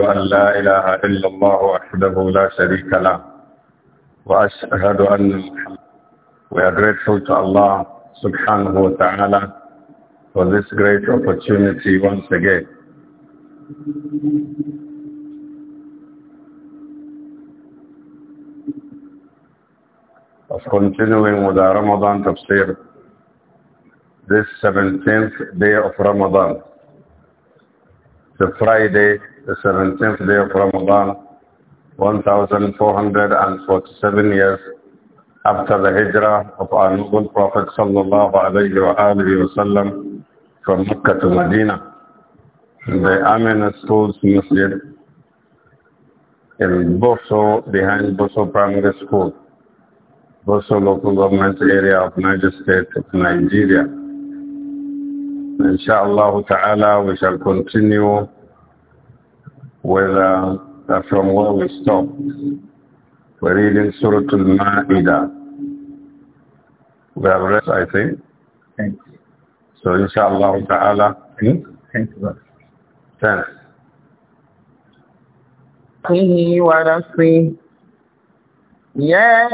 أن لا إله إلا الله وحده لا شريك له وأشهد أن We are grateful to Allah subhanahu wa ta'ala for this great opportunity once again. Of continuing with our Ramadan tafsir this 17th day of Ramadan, the Friday the 17th day of Ramadan, 1447 years after the hijrah of our noble Prophet sallallahu alayhi wa alihi wasallam from Mecca to Medina. The Amin Schools Masjid in Boso, behind Boso Primary School, Boso local government area of Niger State of Nigeria. Inshallah ta'ala, we shall continue whether from where we stopped. We're reading Surah Al-Ma'idah. We have rest, I think. Thank you. So inshallah ta'ala. Thank you. Thank you. يا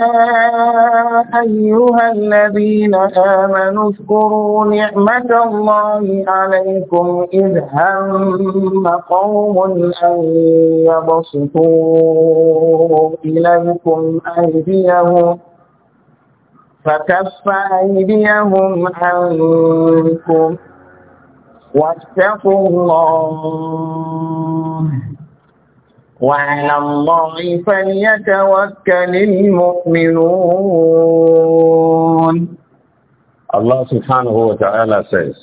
أيها الذين آمنوا اذكروا نعمة الله عليكم إذ هم قوم أن يبسطوا إليكم أيديهم فكف أيديهم عنكم واتقوا الله وعلى الله فليتوكل المؤمنون الله سبحانه وتعالى says,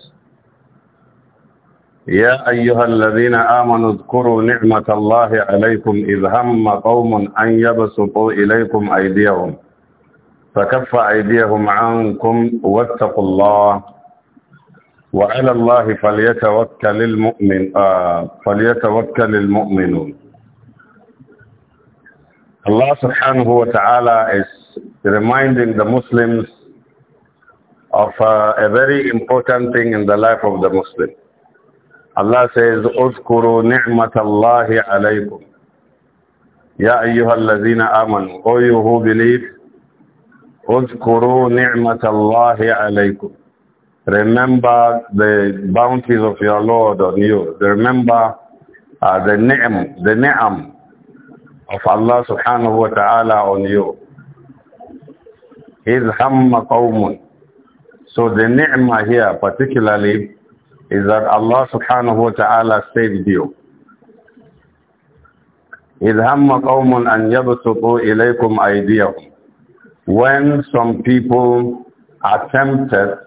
يا أيها الذين آمنوا اذكروا نعمة الله عليكم إذ هم قوم أن يبسطوا إليكم أيديهم فكف أيديهم عنكم واتقوا الله وعلى الله فليتوكل المؤمن آه فليتوكل المؤمنون Allah subhanahu wa ta'ala is reminding the Muslims of uh, a very important thing in the life of the Muslim. Allah says, اذكروا نعمة الله عليكم يا أيها الذين آمنوا O you who believe, اذكروا نعمة الله عليكم Remember the bounties of your Lord on you. Remember uh, the ni'am, the ni'am of Allah subhanahu wa ta'ala on you. His hamma qawmun. So the ni'mah here particularly is that Allah subhanahu wa ta'ala saved you. His hamma قَوْمٌ an يَبْسُطُوا ilaykum أَيْدِيَهُمْ When some people attempted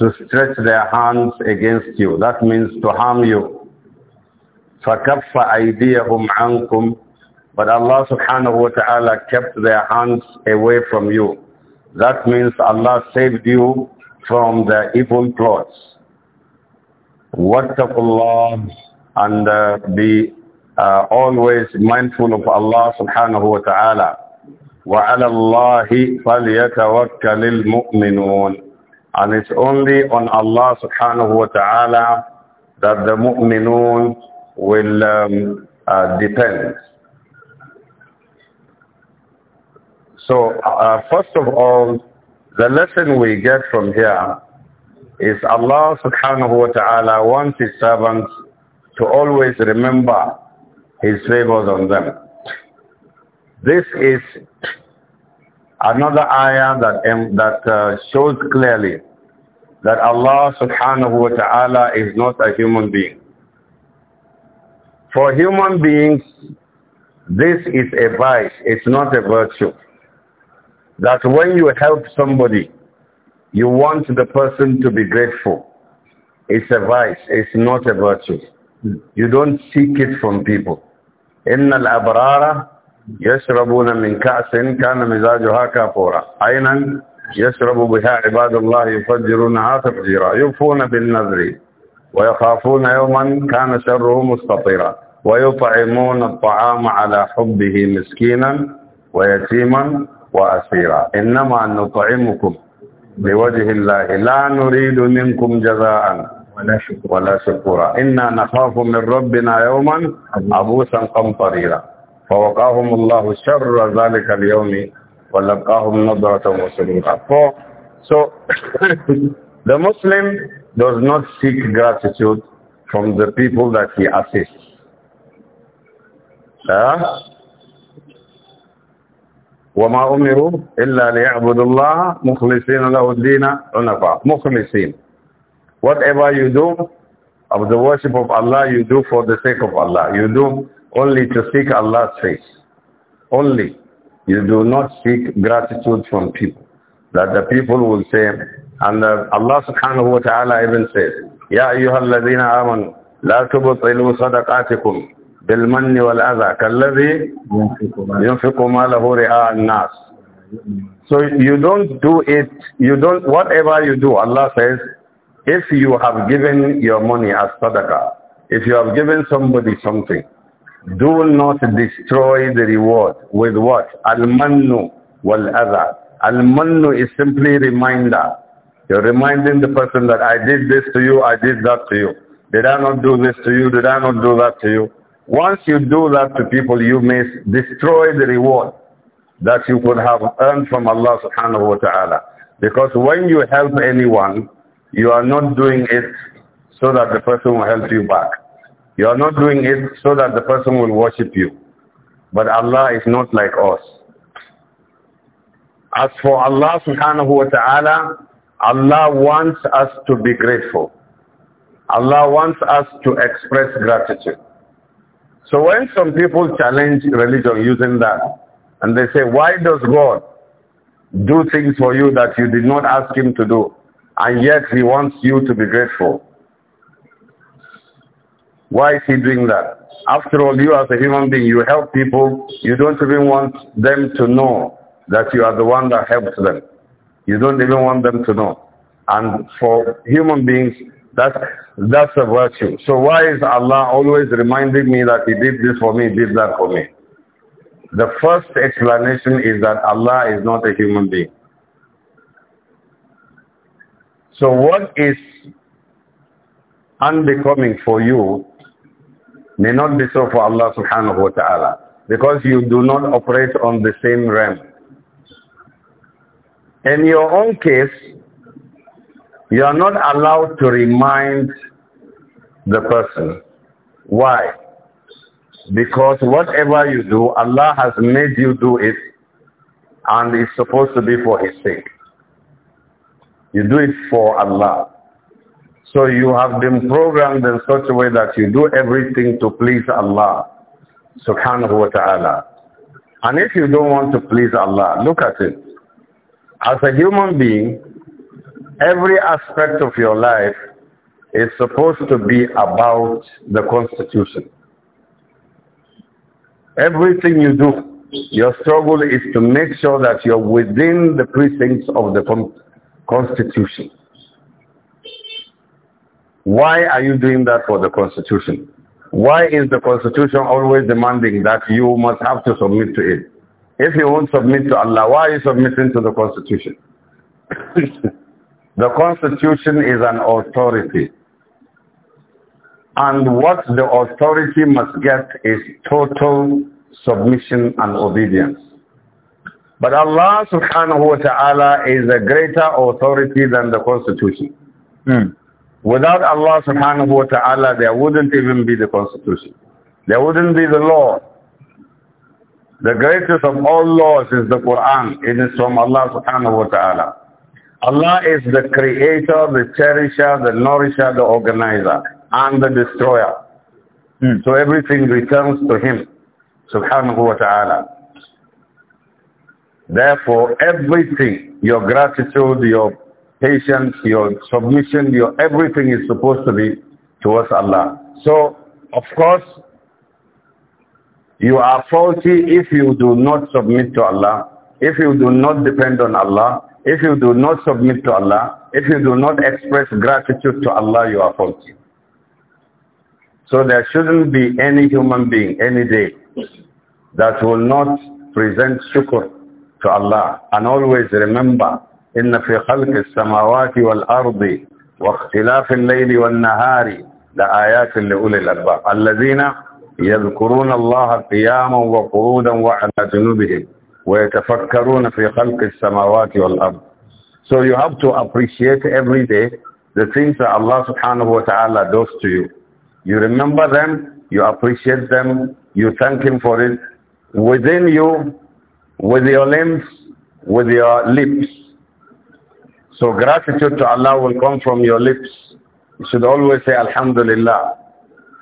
to stretch their hands against you, that means to harm you. فَكَفَّ أَيْدِيَهُمْ عَنْكُمْ but Allah subhanahu wa ta'ala kept their hands away from you. That means Allah saved you from the evil plots. Allah and uh, be uh, always mindful of Allah subhanahu wa ta'ala. وَعَلَى اللَّهِ فَلْيَتَوَكَّلِ الْمُؤْمِنُونَ And it's only on Allah subhanahu wa ta'ala that the mu'minun will um, uh, depend. So uh, first of all, the lesson we get from here is Allah subhanahu wa ta'ala wants his servants to always remember his favors on them. This is another ayah that, um, that uh, shows clearly that Allah subhanahu wa ta'ala is not a human being. For human beings, this is a vice, it's not a virtue. that when you help somebody, you want the person to be grateful. It's a vice. It's not a virtue. You don't seek it from people. إن الأبرار يشربون من كأس كان مزاجها كافورا عينا يشرب بها عباد الله يفجرونها تفجيرا يوفون بالنذر ويخافون يوما كان شره مستطيرا ويطعمون الطعام على حبه مسكينا ويتيما وأسيرا إنما نطعمكم لوجه الله لا نريد منكم جزاء ولا شكورا إنا نخاف من ربنا يوما عبوسا قمطريرا فوقاهم الله شر ذلك اليوم ولقاهم نظرة وسرورا So the Muslim does not seek gratitude from the people that he assists. Huh? وما أمروا إلا ليعبدوا الله مخلصين له الدين عنفاء مخلصين whatever you do of the worship of Allah you do for the sake of Allah you do only to seek Allah's face only you do not seek gratitude from people that the people will say and Allah subhanahu wa ta'ala even says يا أيها الذين آمنوا لا تبطلوا صدقاتكم بالمن والأذى كالذي ينفق ماله رئاء الناس So you don't do it, you don't, whatever you do, Allah says, if you have given your money as sadaqah, if you have given somebody something, do not destroy the reward with what? Al-mannu wal-adha. Al-mannu is simply reminder. You're reminding the person that I did this to you, I did that to you. Did I not do this to you? Did I not do that to you? Once you do that to people, you may destroy the reward that you could have earned from Allah subhanahu wa ta'ala. Because when you help anyone, you are not doing it so that the person will help you back. You are not doing it so that the person will worship you. But Allah is not like us. As for Allah subhanahu wa ta'ala, Allah wants us to be grateful. Allah wants us to express gratitude. So when some people challenge religion using that, and they say, why does God do things for you that you did not ask him to do, and yet he wants you to be grateful? Why is he doing that? After all, you as a human being, you help people. You don't even want them to know that you are the one that helps them. You don't even want them to know. And for human beings, that's, that's a virtue. So why is Allah always reminding me that he did this for me, did that for me? The first explanation is that Allah is not a human being. So what is unbecoming for you may not be so for Allah subhanahu wa ta'ala because you do not operate on the same realm. In your own case, you are not allowed to remind the person. Why? Because whatever you do, Allah has made you do it and it's supposed to be for his sake. You do it for Allah. So you have been programmed in such a way that you do everything to please Allah subhanahu wa ta'ala. And if you don't want to please Allah, look at it. As a human being, Every aspect of your life is supposed to be about the Constitution. Everything you do, your struggle is to make sure that you're within the precincts of the con Constitution. Why are you doing that for the Constitution? Why is the Constitution always demanding that you must have to submit to it? If you won't submit to Allah, why are you submitting to the Constitution? The constitution is an authority. And what the authority must get is total submission and obedience. But Allah subhanahu wa ta'ala is a greater authority than the constitution. Mm. Without Allah subhanahu wa ta'ala, there wouldn't even be the constitution. There wouldn't be the law. The greatest of all laws is the Quran. It is from Allah subhanahu wa ta'ala. Allah is the creator, the cherisher, the nourisher, the organizer, and the destroyer. Hmm. So everything returns to him, subhanahu wa ta'ala. Therefore, everything, your gratitude, your patience, your submission, your everything is supposed to be towards Allah. So, of course, you are faulty if you do not submit to Allah, if you do not depend on Allah, if you do not submit to Allah, if you do not express gratitude to Allah, you are faulty. So there shouldn't be any human being any day that will not present shukr to Allah. And always remember, إن في خلق السماوات والأرض واختلاف الليل والنهار لآيات لأولي الألباب الذين يذكرون الله قياما وقعودا وعلى جنوبهم وَيَتَفَكَّرُونَ فِي خَلْقِ السَّمَاوَاتِ وَالْأَرْضِ So you have to appreciate every day the things that Allah subhanahu wa ta'ala does to you. You remember them, you appreciate them, you thank Him for it. Within you, with your limbs, with your lips. So gratitude to Allah will come from your lips. You should always say Alhamdulillah.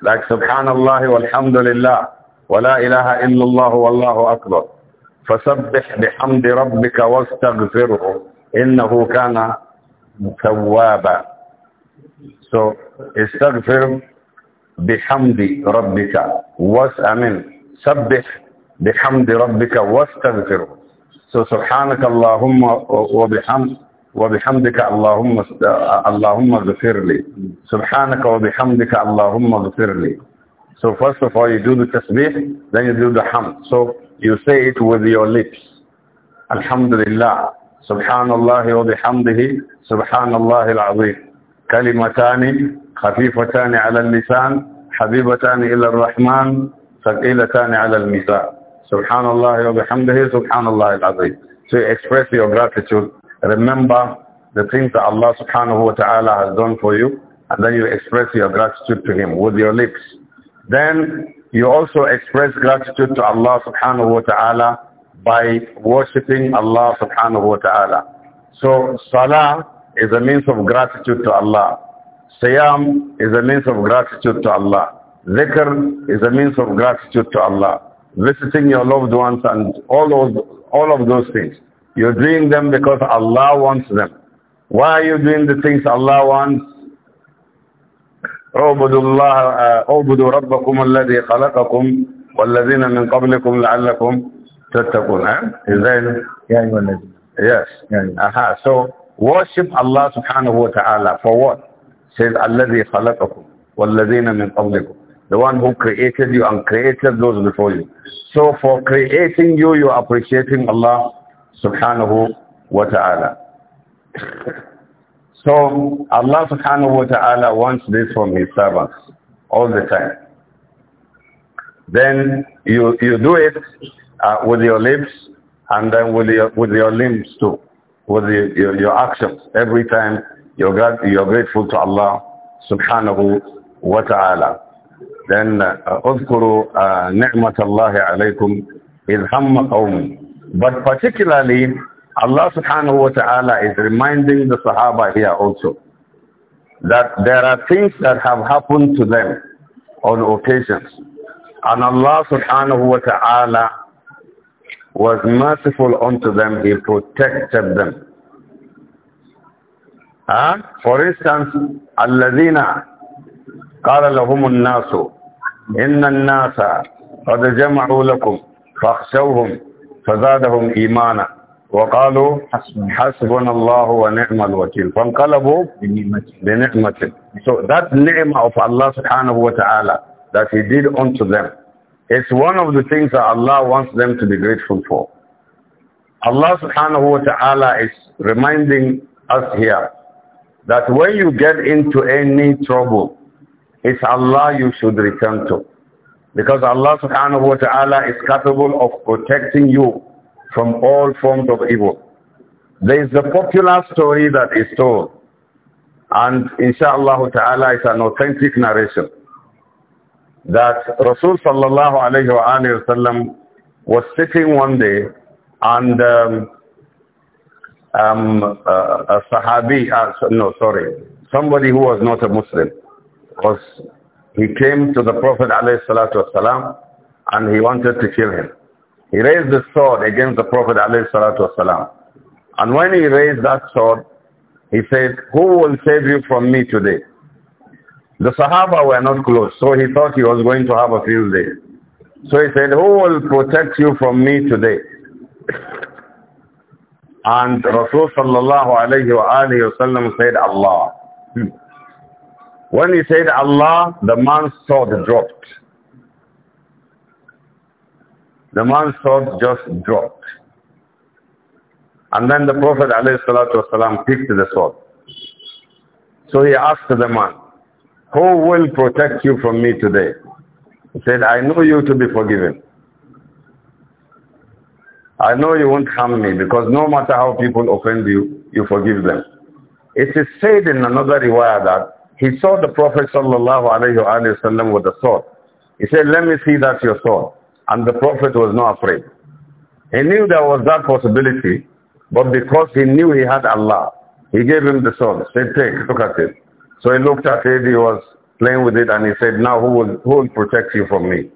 Like Subhanallah walhamdulillah. Wa la ilaha illallah wallahu akbar. فسبح بحمد ربك واستغفره إنه كان توابا So استغفر بحمد ربك واسأمن سبح بحمد ربك واستغفره So سبحانك اللهم وبحمد وبحمدك اللهم اللهم اغفر لي سبحانك وبحمدك اللهم اغفر لي So first of all you do the تسبيح then you do the حمد So You say it with your lips. Alhamdulillah. Subhanallah wa bihamdihi. Subhanallah al-azim. كلمتان خفيفتان على اللسان حبيبتان إلى الرحمن ala على الميزان سبحان الله وبحمده سبحان الله العظيم So express your gratitude remember the things that Allah subhanahu wa ta'ala has done for you and then you express your gratitude to him with your lips then you also express gratitude to Allah subhanahu wa ta'ala by worshipping Allah subhanahu wa ta'ala. So salah is a means of gratitude to Allah. Siyam is a means of gratitude to Allah. Zikr is a means of gratitude to Allah. Visiting your loved ones and all, those, all of those things. You're doing them because Allah wants them. Why are you doing the things Allah wants? اعبدوا الله اعبدوا ربكم الذي خلقكم والذين من قبلكم لعلكم تتقون huh? is that yeah, yes uh-huh. so worship Allah subhanahu wa ta'ala for what says الذي خلقكم والذين من قبلكم the one who created you and created those before you so for creating you you are appreciating Allah subhanahu wa ta'ala So Allah subhanahu wa ta'ala wants this from his servants all the time. Then you, you do it uh, with your lips and then with your, with your limbs too, with your, your, your actions. Every time you're, you're grateful to Allah subhanahu wa ta'ala. Then uh, اذكروا نعمة الله عليكم إذ هم قوم. But particularly Allah subhanahu wa ta'ala is reminding the Sahaba here also that there are things that have happened to them on occasions. And Allah subhanahu wa ta'ala was merciful unto them. He protected them. Huh? For instance, الَّذِينَ قَالَ لَهُمُ النَّاسُ إِنَّ النَّاسَ قَدْ جَمَعُوا لَكُمْ فَاخْشَوْهُمْ فَزَادَهُمْ إِيمَانًا وقالوا حسبنا الله ونعم الوكيل فانقلبوا بنعمة so that ni'mah of Allah سبحانه وتعالى that he did unto them is one of the things that Allah wants them to be grateful for Allah subhanahu wa ta'ala is reminding us here that when you get into any trouble it's Allah you should return to because Allah subhanahu wa ta'ala is capable of protecting you from all forms of evil. There is a popular story that is told, and inshallah ta'ala is an authentic narration, that Rasul sallallahu alayhi wa sallam, was sitting one day and um, um, uh, a Sahabi, uh, no, sorry, somebody who was not a Muslim, was he came to the Prophet alayhi salatu wasalam, and he wanted to kill him. He raised the sword against the Prophet And when he raised that sword, he said, who will save you from me today? The Sahaba were not close, so he thought he was going to have a field day. So he said, who will protect you from me today? And Rasulullah sallallahu said, Allah. Hmm. When he said Allah, the man's sword dropped. The man's sword just dropped. And then the Prophet ﷺ picked the sword. So he asked the man, who will protect you from me today? He said, I know you to be forgiven. I know you won't harm me because no matter how people offend you, you forgive them. It is said in another riwayah that he saw the Prophet ﷺ with the sword. He said, let me see that your sword. And the Prophet was not afraid. He knew there was that possibility, but because he knew he had Allah, he gave him the sword. Said, take, look at it. So he looked at it, he was playing with it, and he said, now who will, who will protect you from me?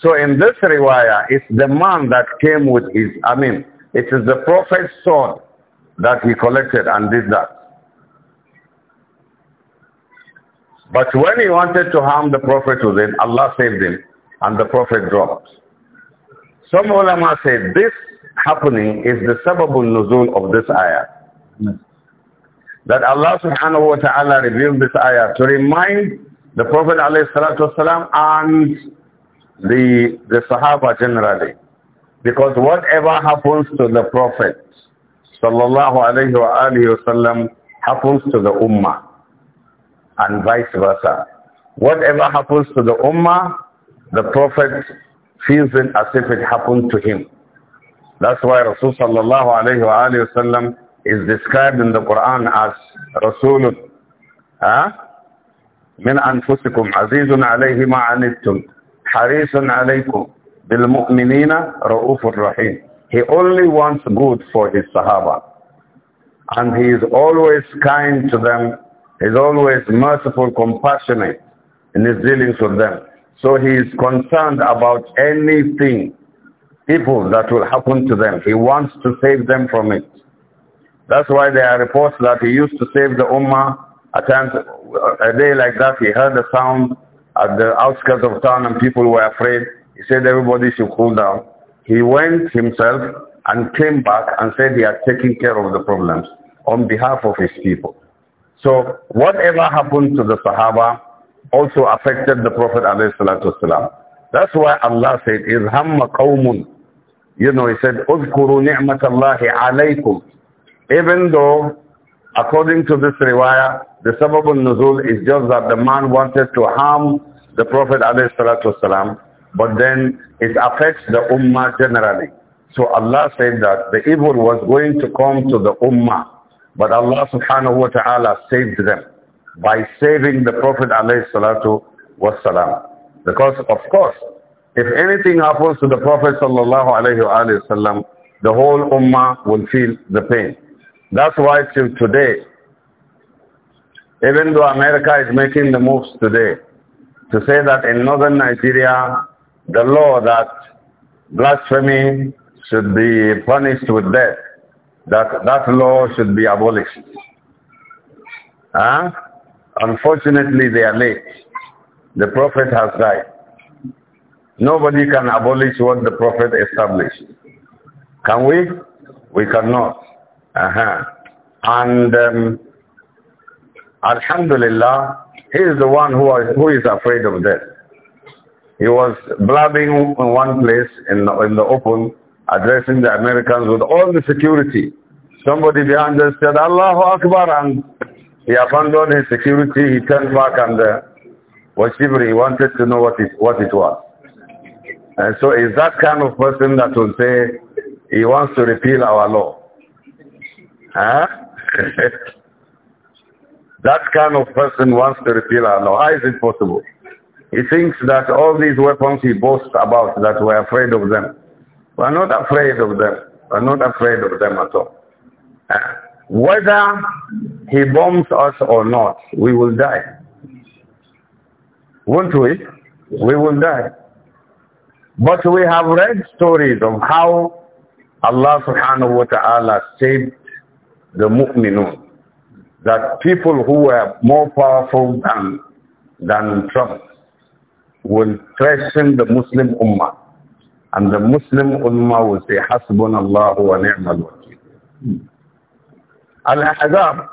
So in this riwayah, it's the man that came with his, I mean, it is the prophet's sword that he collected and did that. But when he wanted to harm the prophet with it, Allah saved him and the Prophet dropped. Some ulama say this happening is the sababul nuzul of this ayah. That Allah subhanahu wa ta'ala revealed this ayah to remind the Prophet والسلام, and the, the Sahaba generally. Because whatever happens to the Prophet sallallahu alayhi wa alayhi wasallam, happens to the Ummah and vice versa. Whatever happens to the Ummah the Prophet feels it as if it happened to him. That's why Rasul sallallahu alayhi wa, alayhi wa is described in the Quran as Rasul من أنفسكم عزيز عليه ما عنتم حريص عليكم بالمؤمنين رؤوف رحيم He only wants good for his Sahaba. And he is always kind to them. He is always merciful, compassionate in his dealings with them. So he is concerned about anything, evil that will happen to them. He wants to save them from it. That's why there are reports that he used to save the Ummah. At times, a day like that, he heard a sound at the outskirts of town and people were afraid. He said everybody should cool down. He went himself and came back and said he had taken care of the problems on behalf of his people. So whatever happened to the Sahaba, also affected the Prophet ﷺ. That's why Allah said, إِذْ qawmun." You know, he said, اُذْكُرُوا نِعْمَةَ اللَّهِ عَلَيْكُمْ Even though, according to this riwayah, the sabab al-nuzul is just that the man wanted to harm the Prophet ﷺ, but then it affects the ummah generally. So Allah said that the evil was going to come to the ummah, but Allah subhanahu wa ta'ala saved them by saving the Prophet والسلام. Because of course, if anything happens to the Prophet sallallahu the whole ummah will feel the pain. That's why till today, even though America is making the moves today to say that in northern Nigeria, the law that blasphemy should be punished with death, that that law should be abolished. Huh? Unfortunately, they are late. The Prophet has died. Nobody can abolish what the Prophet established. Can we? We cannot. Uh -huh. And um, Alhamdulillah, he is the one who, are, who is afraid of death. He was blabbing in one place in the, in the open, addressing the Americans with all the security. Somebody behind us said, Allahu Akbar, and he abandoned his security, he turned back and uh, was shivering. He wanted to know what it, what it was. And so it's that kind of person that will say he wants to repeal our law. Huh? that kind of person wants to repeal our law. How is it possible? He thinks that all these weapons he boasts about, that we're afraid of them. We're not afraid of them. We're not afraid of them at all. Huh? Whether he bombs us or not, we will die. Won't we? We will die. But we have read stories of how Allah subhanahu wa ta'ala saved the mu'minun. That people who were more powerful than, than Trump will threaten the Muslim ummah. And the Muslim ummah will say, Hasbunallahu wa ni'mal wakil. Al-Ahzab,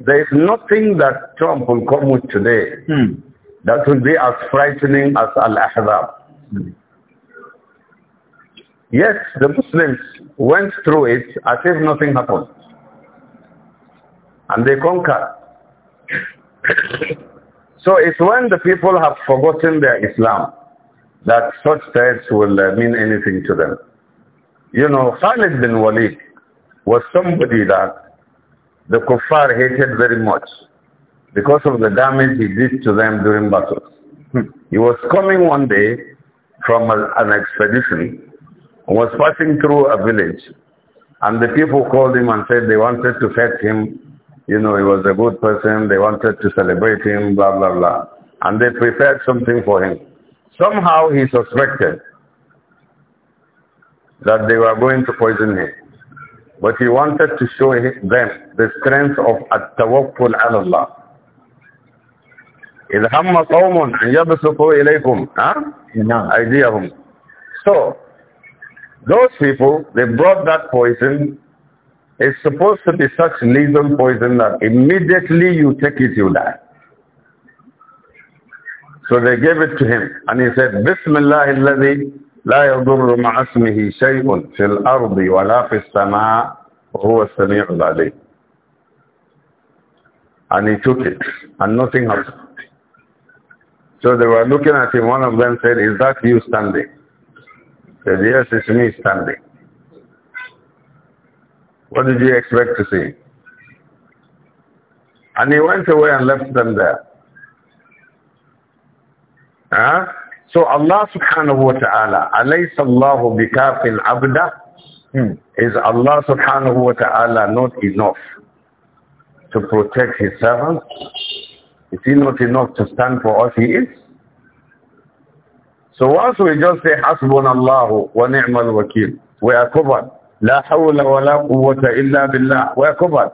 there is nothing that Trump will come with today hmm. that will be as frightening as Al-Ahzab. Hmm. Yes, the Muslims went through it as if nothing happened. And they conquered. so it's when the people have forgotten their Islam that such threats will uh, mean anything to them. You know, Khalid bin Walid was somebody that the kuffar hated very much because of the damage he did to them during battles. Hmm. he was coming one day from a, an expedition, was passing through a village, and the people called him and said they wanted to fetch him. You know, he was a good person. They wanted to celebrate him, blah, blah, blah. And they prepared something for him. Somehow he suspected that they were going to poison him. But he wanted to show them the strength of التوكل tawakkul الله. Allah. إذا هم قوم أن يبسطوا إليكم أيديهم So, those people, they brought that poison. It's supposed to be such lethal poison that immediately you take it, you die. So they gave it to him. And he said, Bismillah الذي لا يضر مع اسمه شيء في الأرض ولا في السماء وهو السميع العليم and he took it and nothing happened so they were looking at him one of them said is that you standing he said yes it's me standing what did you expect to see and he went away and left them there huh So Allah subhanahu wa ta'ala, alaysa Allahu bikafin abda, hmm. is Allah subhanahu wa ta'ala not enough to protect his servants? Is he not enough to stand for us? He is. So once we just say, Hasbunallahu wa ni'mal wakil, we are covered. La hawla wa la quwwata illa We are covered.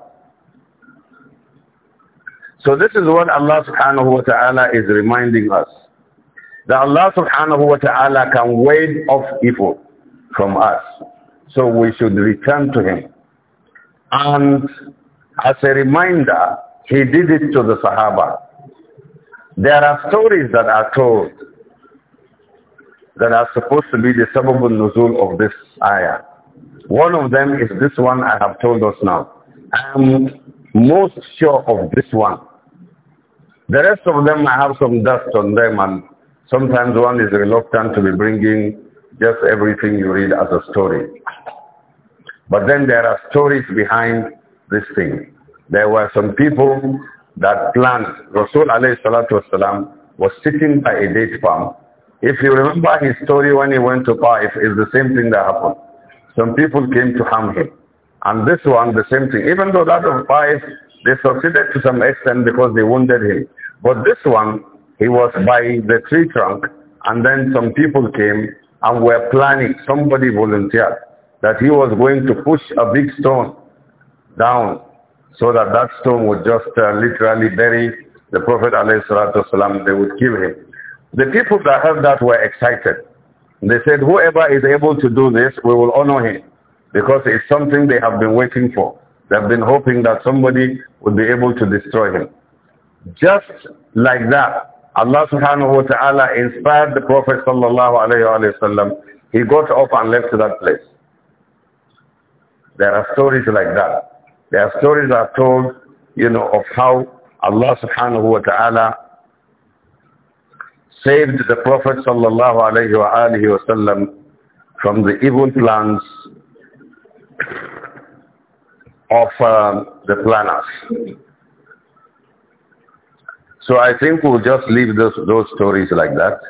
So this is what Allah subhanahu wa ta'ala is reminding us. That Allah subhanahu wa ta'ala can ward off evil from us. So we should return to him. And as a reminder, he did it to the Sahaba. There are stories that are told that are supposed to be the sababul nuzul of this ayah. One of them is this one I have told us now. I am most sure of this one. The rest of them, I have some dust on them and Sometimes one is reluctant to be bringing just everything you read as a story. But then there are stories behind this thing. There were some people that planned. Rasul alayhi salatu wasalam was sitting by a date palm. If you remember his story when he went to Taif, it's the same thing that happened. Some people came to harm him. And this one, the same thing. Even though that of Taif, they succeeded to some extent because they wounded him. But this one, he was by the tree trunk and then some people came and were planning, somebody volunteered, that he was going to push a big stone down so that that stone would just uh, literally bury the Prophet والسلام, they would kill him. The people that heard that were excited. They said, whoever is able to do this, we will honor him because it's something they have been waiting for. They've been hoping that somebody would be able to destroy him. Just like that, Allah subhanahu wa ta'ala inspired the Prophet sallallahu alayhi wa He got up and left that place. There are stories like that. There are stories that are told, you know, of how Allah subhanahu wa ta'ala saved the Prophet sallallahu alayhi wa wa sallam from the evil plans of um, the planners. So I think we'll just leave those, those stories like that.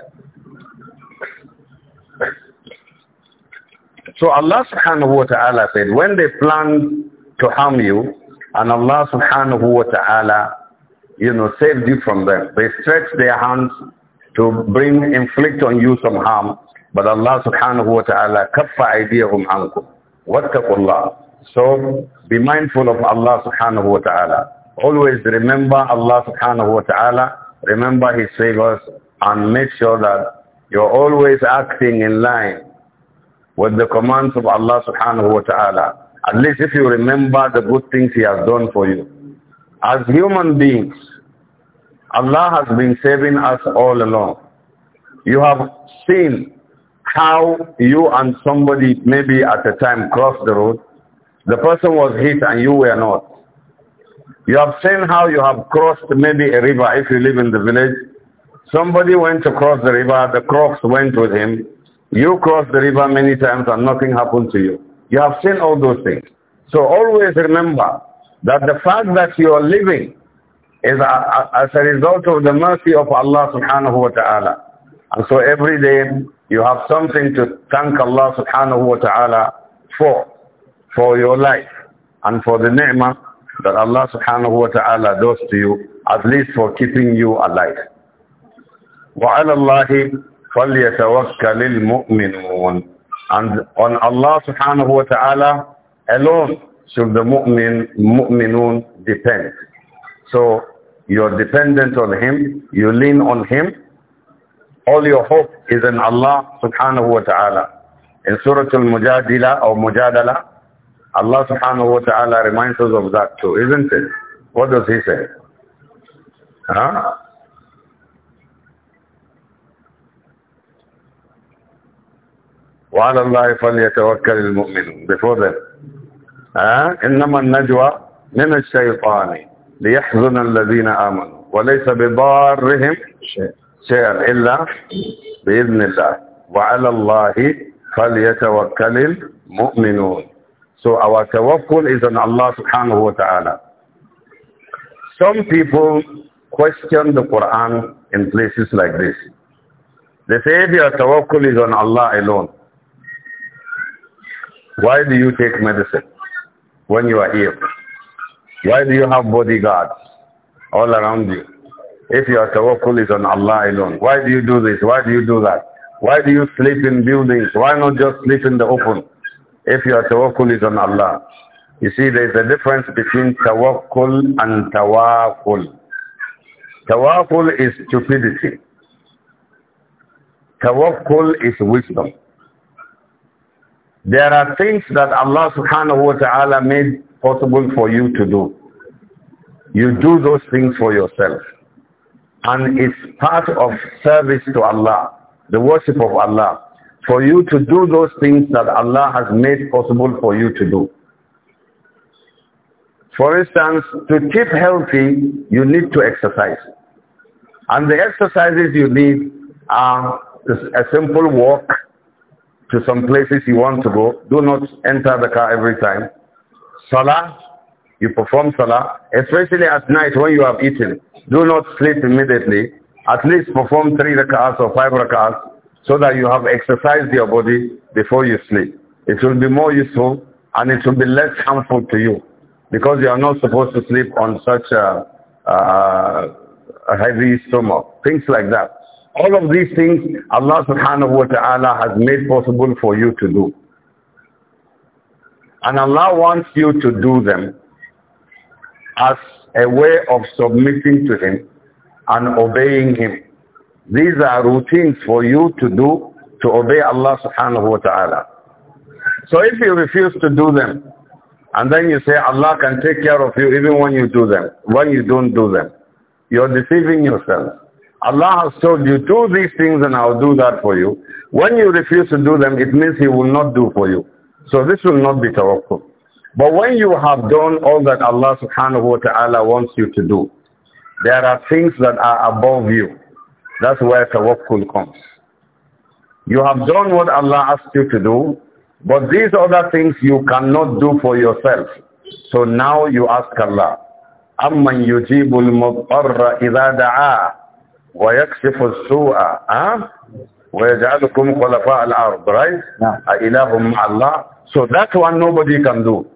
So Allah subhanahu wa ta'ala said, when they plan to harm you, and Allah subhanahu wa ta'ala, you know, saved you from them. They stretched their hands to bring, inflict on you some harm, but Allah subhanahu wa ta'ala, kaffa aydiyahum ankum. Wattaqullah. So be mindful of Allah subhanahu wa ta'ala. Always remember Allah subhanahu wa ta'ala, remember His favors, and make sure that you're always acting in line with the commands of Allah subhanahu wa ta'ala. At least if you remember the good things He has done for you. As human beings, Allah has been saving us all along. You have seen how you and somebody maybe at a time crossed the road. The person was hit and you were not. You have seen how you have crossed maybe a river if you live in the village. Somebody went to cross the river, the crocs went with him. You crossed the river many times and nothing happened to you. You have seen all those things. So always remember that the fact that you are living is a, a, as a result of the mercy of Allah subhanahu wa ta'ala. And so every day you have something to thank Allah subhanahu wa ta'ala for, for your life and for the ni'mah that Allah subhanahu wa ta'ala does to you, at least for keeping you alive. وَعَلَى اللَّهِ فَلْيَتَوَكَّلِ الْمُؤْمِنُونَ And on Allah subhanahu wa ta'ala alone should the mu'min, mu'minun depend. So you're dependent on Him, you lean on Him, all your hope is in Allah subhanahu wa ta'ala. In Surah Al-Mujadila or Mujadala, Allah subhanahu wa ta'ala reminds us of that too, isn't it? What does he say? Huh? وعلى الله فليتوكل المؤمنون before that انما النجوى من الشيطان ليحزن الذين امنوا وليس بضارهم شيئا الا باذن الله وعلى الله فليتوكل المؤمنون So our tawakkul is on Allah subhanahu wa ta'ala. Some people question the Quran in places like this. They say their tawakkul is on Allah alone. Why do you take medicine when you are ill? Why do you have bodyguards all around you? If your tawakkul is on Allah alone, why do you do this? Why do you do that? Why do you sleep in buildings? Why not just sleep in the open? if your tawakkul is on Allah. You see, there is a difference between tawakkul and tawakkul. Tawakkul is stupidity. Tawakkul is wisdom. There are things that Allah subhanahu wa ta'ala made possible for you to do. You do those things for yourself. And it's part of service to Allah, the worship of Allah for you to do those things that Allah has made possible for you to do. For instance, to keep healthy, you need to exercise. And the exercises you need are a simple walk to some places you want to go. Do not enter the car every time. Salah, you perform salah, especially at night when you have eaten. Do not sleep immediately. At least perform three rak'ahs or five rak'ahs so that you have exercised your body before you sleep. It will be more useful and it will be less harmful to you because you are not supposed to sleep on such a, a, a heavy stomach, things like that. All of these things Allah subhanahu wa ta'ala has made possible for you to do. And Allah wants you to do them as a way of submitting to Him and obeying Him. These are routines for you to do to obey Allah subhanahu wa ta'ala. So if you refuse to do them, and then you say Allah can take care of you even when you do them, when you don't do them, you're deceiving yourself. Allah has told you, do these things and I'll do that for you. When you refuse to do them, it means He will not do for you. So this will not be tawakkul. But when you have done all that Allah subhanahu wa ta'ala wants you to do, there are things that are above you. That's where tawakkul comes. You have done what Allah asked you to do, but these other things you cannot do for yourself. So now you ask Allah. أَمَّنْ يُجِيبُ الْمُضْطَرَّ إِذَا دَعَاهُ وَيَكْشِفُ السُّوءَ أه? وَيَجْعَلُكُمْ خُلَفَاءَ الْأَرْضِ Right? أَإِلَهُمْ Allah. So that one nobody can do.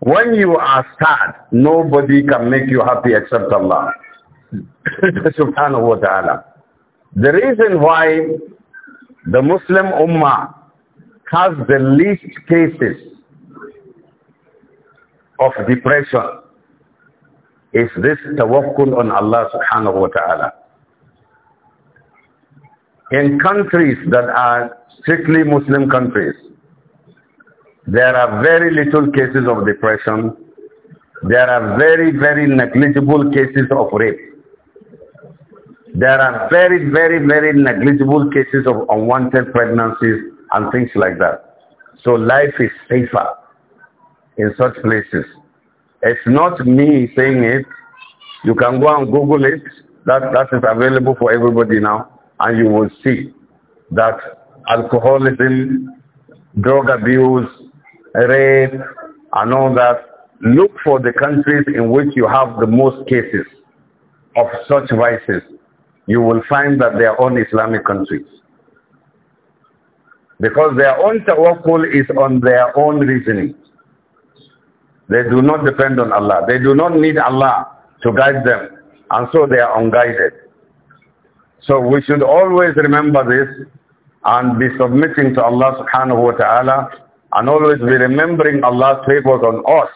When you are sad, nobody can make you happy except Allah. subhanahu wa ta'ala. The reason why the Muslim Ummah has the least cases of depression is this tawakkul on Allah subhanahu wa ta'ala. In countries that are strictly Muslim countries, there are very little cases of depression. There are very, very negligible cases of rape. There are very, very, very negligible cases of unwanted pregnancies and things like that. So life is safer in such places. It's not me saying it. You can go and Google it. That, that is available for everybody now. And you will see that alcoholism, drug abuse, rape, and all that. Look for the countries in which you have the most cases of such vices you will find that they are on Islamic countries. Because their own tawakkul is on their own reasoning. They do not depend on Allah. They do not need Allah to guide them. And so they are unguided. So we should always remember this and be submitting to Allah subhanahu wa ta'ala and always be remembering Allah's favors on us.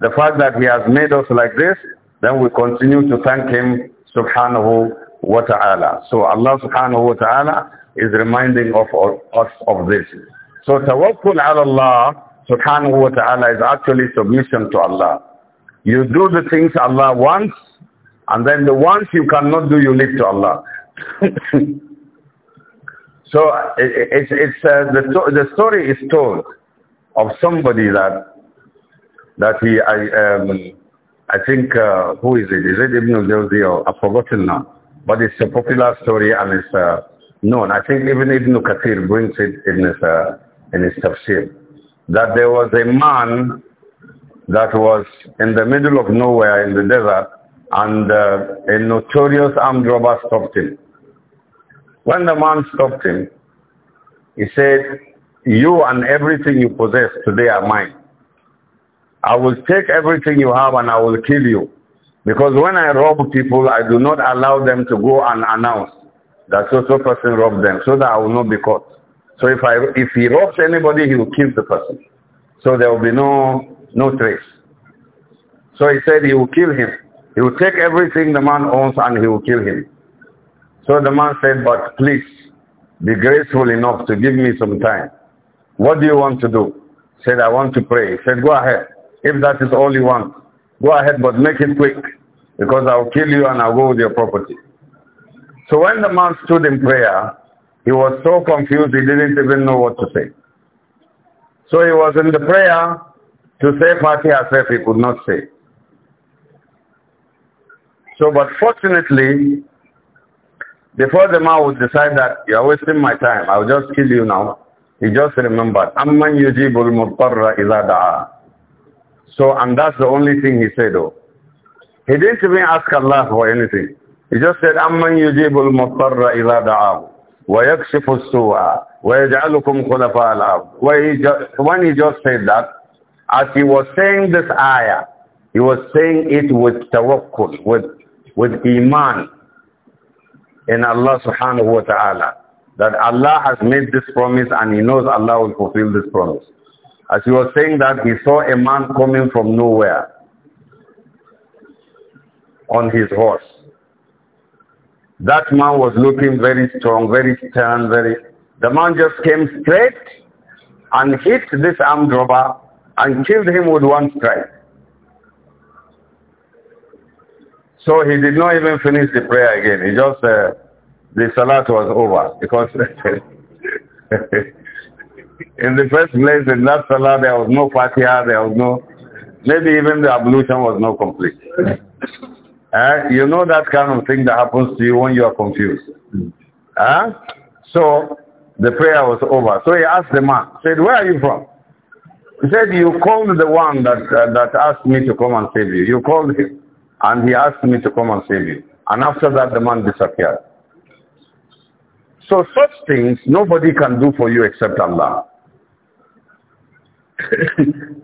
The fact that He has made us like this, then we continue to thank Him subhanahu wa ta'ala. So Allah subhanahu wa ta'ala is reminding of us of this. So tawakkul ala Allah subhanahu wa ta'ala is actually submission to Allah. You do the things Allah wants and then the ones you cannot do you leave to Allah. so it's, it's uh, the, the story is told of somebody that that he I um, I think uh, who is it? Is it Ibn Jawzi or I've forgotten now. But it's a popular story and it's uh, known. I think even Ibn Kathir brings it in his, uh, in his tafsir. That there was a man that was in the middle of nowhere in the desert and uh, a notorious armed robber stopped him. When the man stopped him, he said, you and everything you possess today are mine. I will take everything you have and I will kill you. Because when I rob people, I do not allow them to go and announce that so-so person robbed them so that I will not be caught. So if, I, if he robs anybody, he will kill the person. So there will be no, no trace. So he said he will kill him. He will take everything the man owns and he will kill him. So the man said, but please be graceful enough to give me some time. What do you want to do? He said, I want to pray. He said, go ahead. If that is all you want, Go ahead, but make it quick, because I'll kill you and I'll go with your property. So when the man stood in prayer, he was so confused he didn't even know what to say. So he was in the prayer to say Fatiha Sef he could not say. So but fortunately, before the man would decide that you're wasting my time, I'll just kill you now, he just remembered, أَمَّنْ يُجِيبُ الْمُضْطَرَّ إِذَا دَعَى so, and that's the only thing he said though. He didn't even ask Allah for anything. He just said, أَمَّنْ يُجِيبُ الْمُضْطَرَّ إِذَا دَعَاهُ وَيَكْشِفُ السُّوءَ وَيَجْعَلُكُمْ خُلَفَاءَ الْأَرْضِ when he just said that, as he was saying this ayah, he was saying it with tawakkul, with, with iman in Allah subhanahu wa ta'ala. That Allah has made this promise and he knows Allah will fulfill this promise. As he was saying that, he saw a man coming from nowhere on his horse. That man was looking very strong, very stern, very... The man just came straight and hit this armed robber and killed him with one strike. So he did not even finish the prayer again. He just, uh, the salat was over because in the first place, in that salah, there was no fatiha, ah, there was no, maybe even the ablution was not complete. eh? You know that kind of thing that happens to you when you are confused. Hmm. Eh? So the prayer was over. So he asked the man, said, where are you from? He said, you called the one that, uh, that asked me to come and save you. You called him and he asked me to come and save you. And after that, the man disappeared. So such things nobody can do for you except Allah.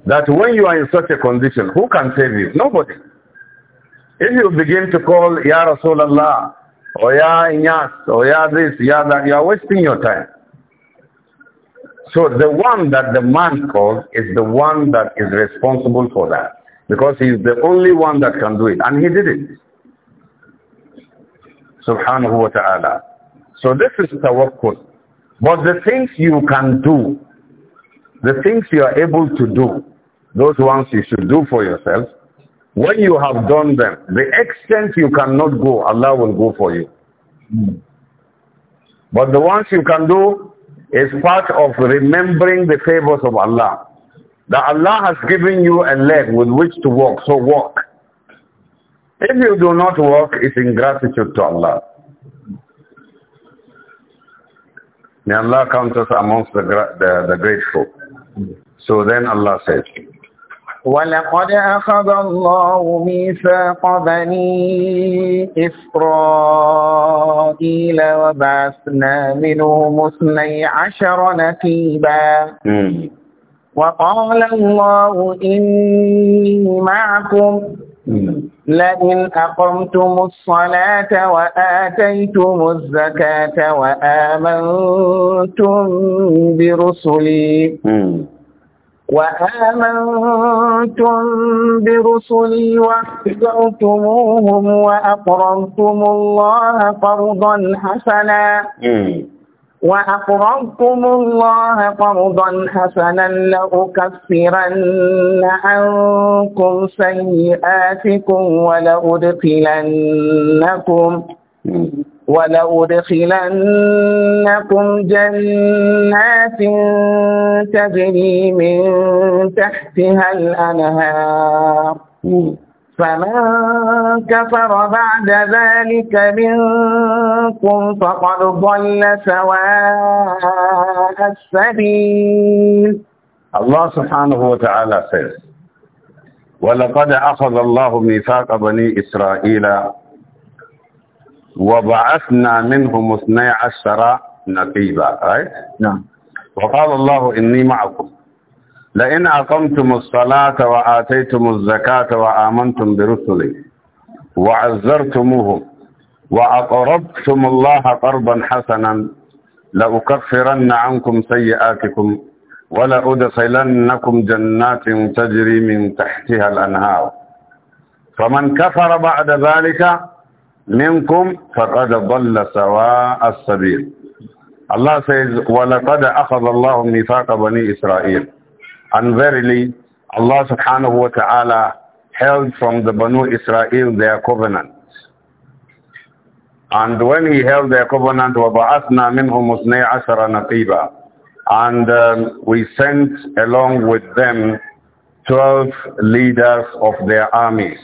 that when you are in such a condition, who can save you? Nobody. If you begin to call Ya Rasulallah, or Ya Inyas, or Ya this, Ya that, you are wasting your time. So the one that the man calls is the one that is responsible for that. Because he is the only one that can do it. And he did it. Subhanahu wa ta'ala. So this is tawakkul. But the things you can do, the things you are able to do, those ones you should do for yourself, when you have done them, the extent you cannot go, Allah will go for you. But the ones you can do is part of remembering the favors of Allah. That Allah has given you a leg with which to walk, so walk. If you do not walk, it's ingratitude to Allah. May Allah count us amongst the, the, the grateful. So then Allah says, ولقد أخذ الله ميثاق بني إسرائيل وبعثنا منهم اثني عشر نقيبا وقال الله إني معكم لئن أقمتم الصلاة وآتيتم الزكاة وآمنتم برسلي وآمنتم برسلي واحذرتموهم وأقرضتم الله قرضا حسنا وأقرضتم الله قرضا حسنا لأكفرن عنكم سيئاتكم ولأدخلنكم ولأدخلنكم جنات تجري من تحتها الأنهار فمن كفر بعد ذلك منكم فقد ضل سواء السبيل الله سبحانه وتعالى says ولقد أخذ الله ميثاق بني إسرائيل وبعثنا منهم اثني عشر نقيبا right? نعم وقال الله إني معكم لئن أقمتم الصلاة وآتيتم الزكاة وآمنتم برسلي وعزرتموهم وأقربتم الله قربا حسنا لأكفرن عنكم سيئاتكم ولأدخلنكم جنات تجري من تحتها الأنهار فمن كفر بعد ذلك منكم فقد ضل سواء السبيل الله says ولقد أخذ الله ميثاق بني إسرائيل And verily, Allah subhanahu wa ta'ala held from the Banu Israel their covenant. And when he held their covenant, وَبَعَثْنَا مِنْهُمْ عَشَرَ نَقِيبًا And um, we sent along with them 12 leaders of their armies.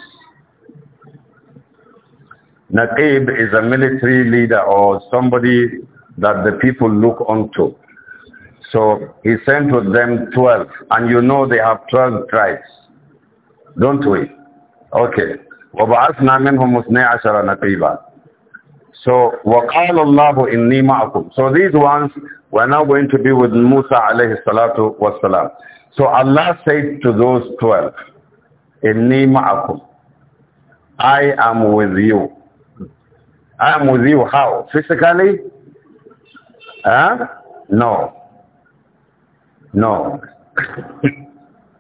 Naqib is a military leader or somebody that the people look onto. So he sent with them 12. And you know they have 12 tribes. Don't we? Okay. وَبَعَثْنَا مِنْهُمْ اثْنَيْ عَشَرَ نَقِيبًا So وَقَالَ اللَّهُ إِنِّي مَعَكُمْ So these ones were now going to be with Musa alayhi salatu wasalam. So Allah said to those 12, إِنِّي مَعَكُمْ I am with you. I am with you how? Physically? Huh? No. No.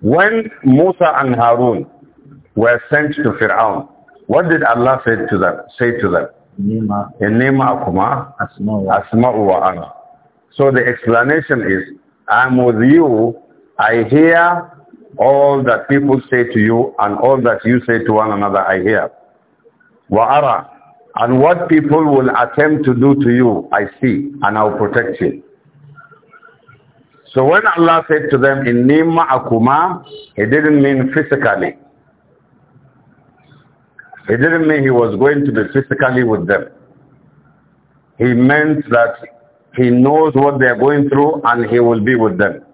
when Musa and Harun were sent to Fir'aun, what did Allah say to them? Say to them, wa So the explanation is, I'm with you. I hear all that people say to you and all that you say to one another. I hear. Wa and what people will attempt to do to you, I see, and I'll protect you. So when Allah said to them, Inni ma'akuma, He didn't mean physically. He didn't mean He was going to be physically with them. He meant that He knows what they are going through and He will be with them.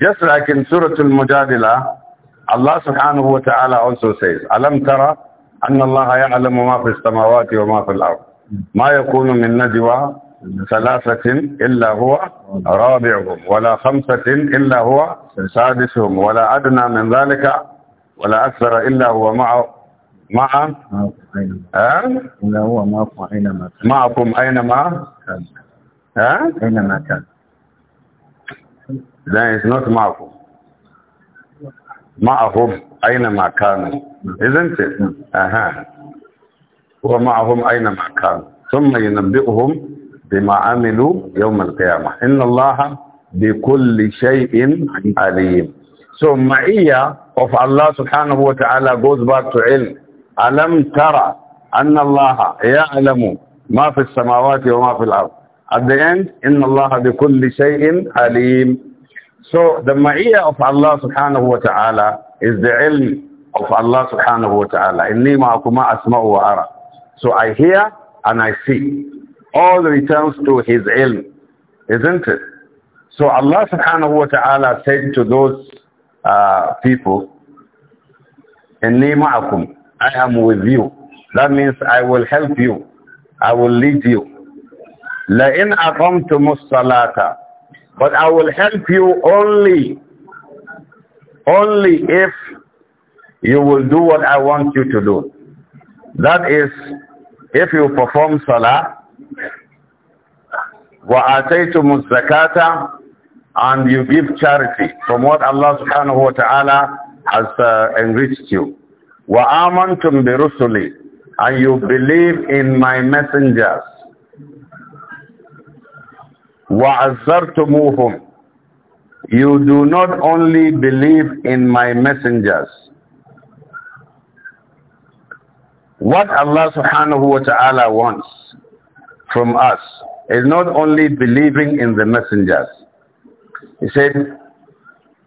Just like in Surah Al-Mujadila, Allah subhanahu wa ta'ala also says, Alam tara أن الله يعلم ما في السماوات وما في الأرض Ma يكون min najwa. ثلاثة إلا هو رابعهم ولا خمسة إلا هو سادسهم ولا أدنى من ذلك ولا أكثر إلا هو مع مع إلا هو معكم أينما كان معكم أينما كان أينما كان Then it's not معكم معهم أينما كانوا isn't it? نعم. أها هو معهم أينما كانوا ثم ينبئهم بما عملوا يوم القيامة إن الله بكل شيء عليم So Ma'iyya of Allah subhanahu wa ta'ala goes back to ilm. Alam tara anna Allah ya'alamu ma fi samawati wa ma fi al-ard. At the end, inna Allah bi kulli shay'in alim. So the Ma'iyya of Allah subhanahu wa ta'ala is the ilm of Allah subhanahu wa ta'ala. Inni ma'akuma asma'u wa ara. So I hear and I see. all returns to his ilm, isn't it? So Allah subhanahu wa ta'ala said to those uh, people, "Inni ma'akum, I am with you. That means I will help you. I will lead you. لَإِنْ to الصَّلَاةَ But I will help you only, only if you will do what I want you to do. That is, if you perform salah, وَآتَيْتُمُ الزَّكَاةَ And you give charity from what Allah subhanahu wa ta'ala has uh, enriched you. وَآمَنْتُمْ بِرُسُلِي And you believe in my messengers. وَعَزَّرْتُمُوهُمْ You do not only believe in my messengers. What Allah subhanahu wa ta'ala wants from us is not only believing in the messengers. He said,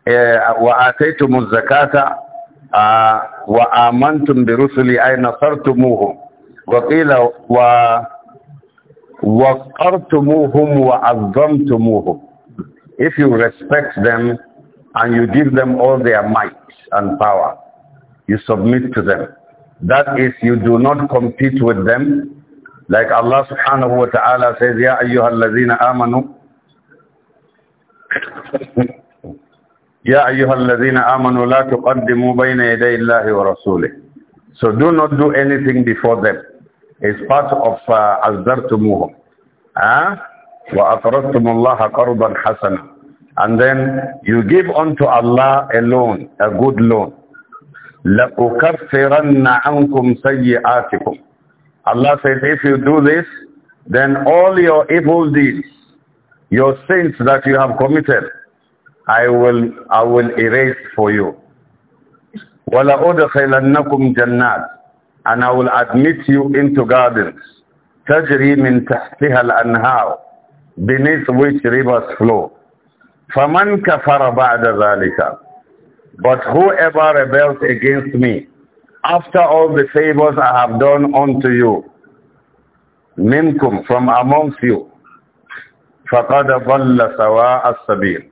وَآتَيْتُمُ الزَّكَاةَ وَآمَنْتُمْ بِرُسُلِي أَيْ نَصَرْتُمُوهُمْ وَقِيلَ وَقَرْتُمُوهُمْ وَعَظَّمْتُمُوهُمْ If you respect them and you give them all their might and power, you submit to them. That is, you do not compete with them, Like Allah subhanahu wa ta'ala says, Ya ayyuhal ladhina amanu. Ya ayyuhal ladhina amanu la tuqaddimu bayna yaday Allahi wa rasulih. So do not do anything before them. It's part of uh, azdartumuhum. Huh? Wa Allah qarban hasana. And then you give unto Allah a loan, a good loan. لَأُكَفِّرَنَّ عَنْكُمْ سَيِّئَاتِكُمْ Allah says, if you do this, then all your evil deeds, your sins that you have committed, I will, I will erase for you. وَلَأُدْخِلَنَّكُمْ جَنَّاتٍ And I will admit you into gardens. تَجْرِي مِنْ تَحْتِهَا الْأَنْهَارُ Beneath which rivers flow. فَمَنْ كَفَرَ بَعْدَ ذَلِكَ But whoever rebels against me, after all the favors I have done unto you, minkum, from amongst you, فَقَدْ ضَلَّ سَوَاءَ السَّبِيلِ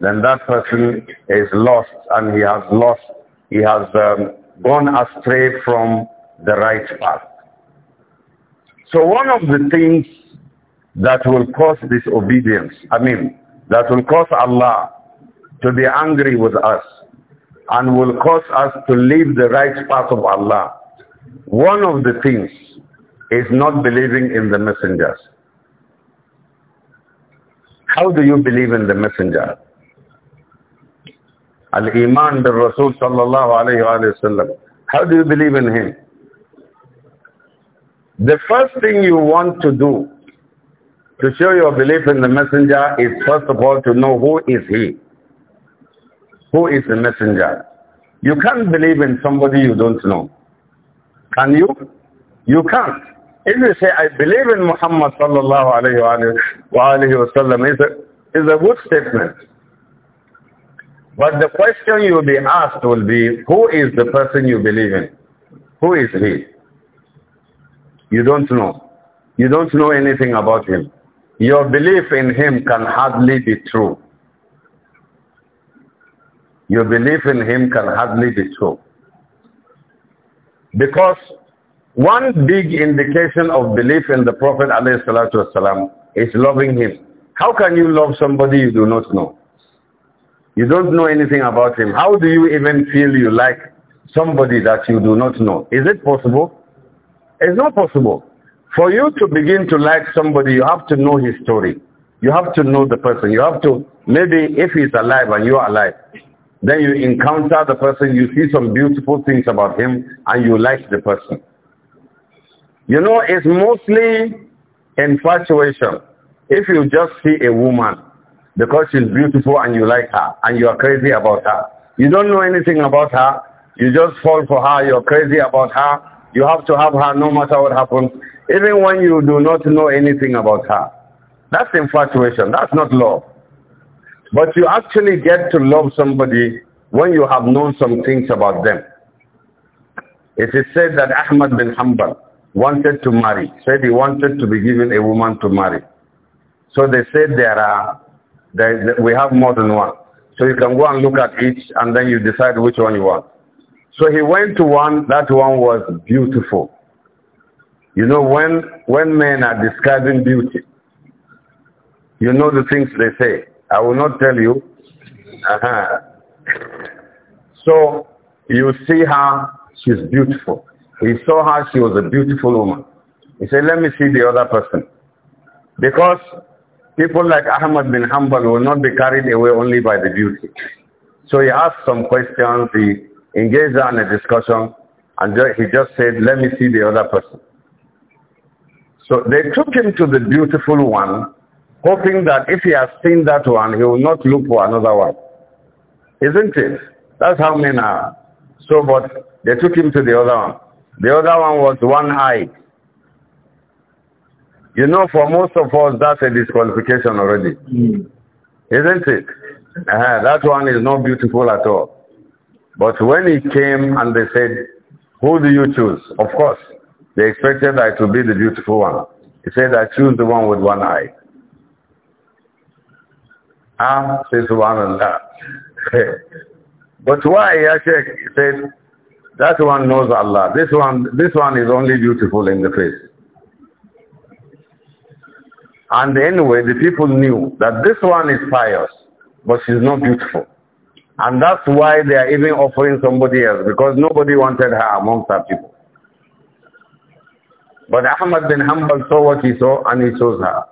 Then that person is lost and he has lost, he has um, gone astray from the right path. So one of the things that will cause disobedience, I mean, that will cause Allah to be angry with us and will cause us to leave the right path of Allah. One of the things is not believing in the messengers. How do you believe in the messenger? Al-Iman bil Rasul sallallahu alayhi wa sallam. How do you believe in him? The first thing you want to do to show your belief in the messenger is first of all to know who is he who is the messenger. You can't believe in somebody you don't know. Can you? You can't. If you say, I believe in Muhammad sallallahu alayhi wa sallam, it's a, it's a good statement. But the question you will be asked will be, who is the person you believe in? Who is he? You don't know. You don't know anything about him. Your belief in him can hardly be true your belief in him can hardly be true. Because one big indication of belief in the Prophet والسلام, is loving him. How can you love somebody you do not know? You don't know anything about him. How do you even feel you like somebody that you do not know? Is it possible? It's not possible. For you to begin to like somebody, you have to know his story. You have to know the person. You have to, maybe if he's alive and you're alive, then you encounter the person, you see some beautiful things about him, and you like the person. You know, it's mostly infatuation. If you just see a woman because she's beautiful and you like her, and you are crazy about her, you don't know anything about her, you just fall for her, you're crazy about her, you have to have her no matter what happens, even when you do not know anything about her. That's infatuation, that's not love. But you actually get to love somebody when you have known some things about them. It is said that Ahmad bin Hanbal wanted to marry, said he wanted to be given a woman to marry. So they said there are, there, we have more than one. So you can go and look at each and then you decide which one you want. So he went to one, that one was beautiful. You know, when, when men are describing beauty, you know the things they say. I will not tell you. Uh -huh. So you see her, she's beautiful. He saw her, she was a beautiful woman. He said, let me see the other person. Because people like Ahmad bin Hanbal will not be carried away only by the beauty. So he asked some questions, he engaged her in a discussion, and he just said, let me see the other person. So they took him to the beautiful one, hoping that if he has seen that one, he will not look for another one. Isn't it? That's how men are. So, but they took him to the other one. The other one was one-eyed. You know, for most of us, that's a disqualification already. Hmm. Isn't it? Uh That one is not beautiful at all. But when he came and they said, who do you choose? Of course, they expected that to be the beautiful one. He said, I choose the one with one eye. Ah, say subhanallah. but why, Ya Sheikh? said, that one knows Allah. This one, this one is only beautiful in the face. And anyway, the people knew that this one is pious, but she's not beautiful. And that's why they are even offering somebody else, because nobody wanted her amongst her people. But Ahmad bin Hanbal saw what he saw and he chose her.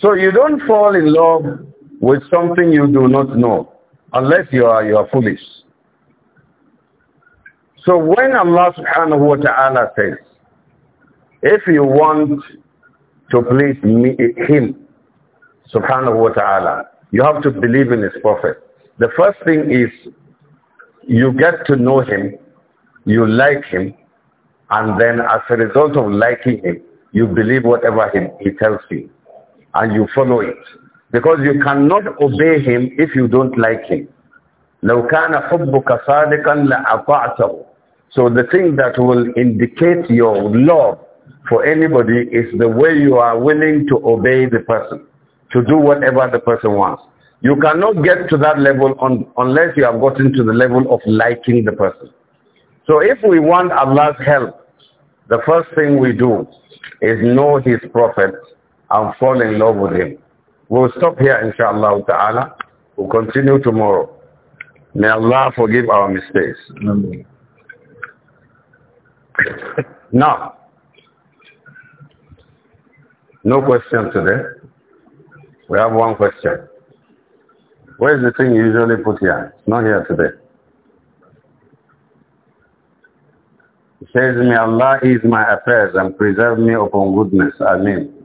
So you don't fall in love with something you do not know, unless you are, you are foolish. So when Allah subhanahu wa ta'ala says, if you want to please me, him, subhanahu wa ta'ala, you have to believe in his prophet. The first thing is you get to know him, you like him, and then as a result of liking him, you believe whatever he, he tells you, and you follow it. Because you cannot obey him if you don't like him. So the thing that will indicate your love for anybody is the way you are willing to obey the person, to do whatever the person wants. You cannot get to that level on, unless you have gotten to the level of liking the person. So if we want Allah's help, the first thing we do is know his prophet and fall in love with him. We'll stop here, inshallah ta'ala. We'll continue tomorrow. May Allah forgive our mistakes. Amen. now, no question today. We have one question. Where is the thing you usually put here? It's not here today. It says, May Allah ease my affairs and preserve me upon goodness. Amen. I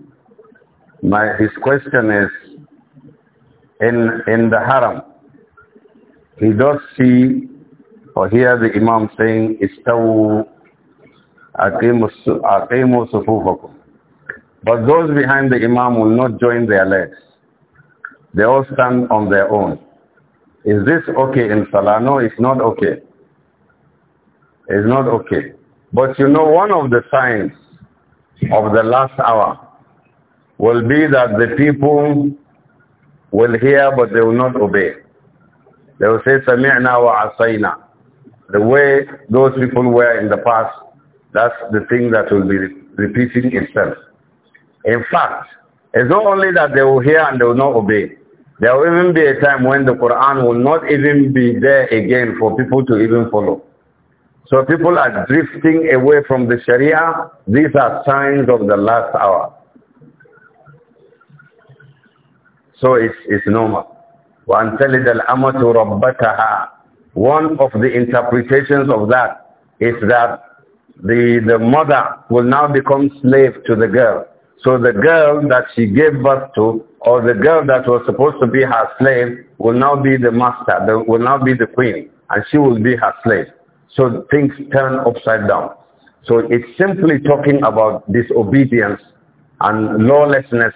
my, his question is, in, in the haram, he does see or hear the imam saying, Istawu aqimu sufufakum. But those behind the imam will not join their legs. They all stand on their own. Is this okay in Salah? No, it's not okay. It's not okay. But you know, one of the signs of the last hour will be that the people will hear but they will not obey. They will say, Sami'na wa asayna. The way those people were in the past, that's the thing that will be repeating itself. In fact, it's not only that they will hear and they will not obey. There will even be a time when the Quran will not even be there again for people to even follow. So people are drifting away from the Sharia. These are signs of the last hour. So it's, it's normal. وَأَنْ الْأَمَةُ رَبَّتَهَا One of the interpretations of that is that the, the mother will now become slave to the girl. So the girl that she gave birth to or the girl that was supposed to be her slave will now be the master, the, will now be the queen, and she will be her slave. So things turn upside down. So it's simply talking about disobedience and lawlessness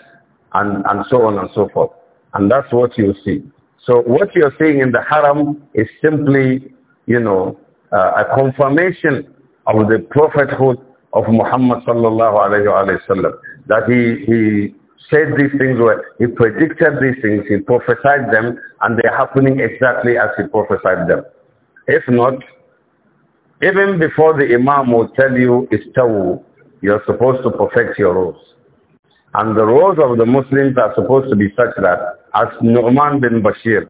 and, and so on and so forth. And that's what you see. So what you're seeing in the haram is simply, you know, uh, a confirmation of the prophethood of Muhammad sallallahu alayhi wa That he, he said these things, were, he predicted these things, he prophesied them, and they're happening exactly as he prophesied them. If not, even before the imam will tell you, istawu, you're supposed to perfect your rows. And the rows of the Muslims are supposed to be such that as Nu'man bin Bashir,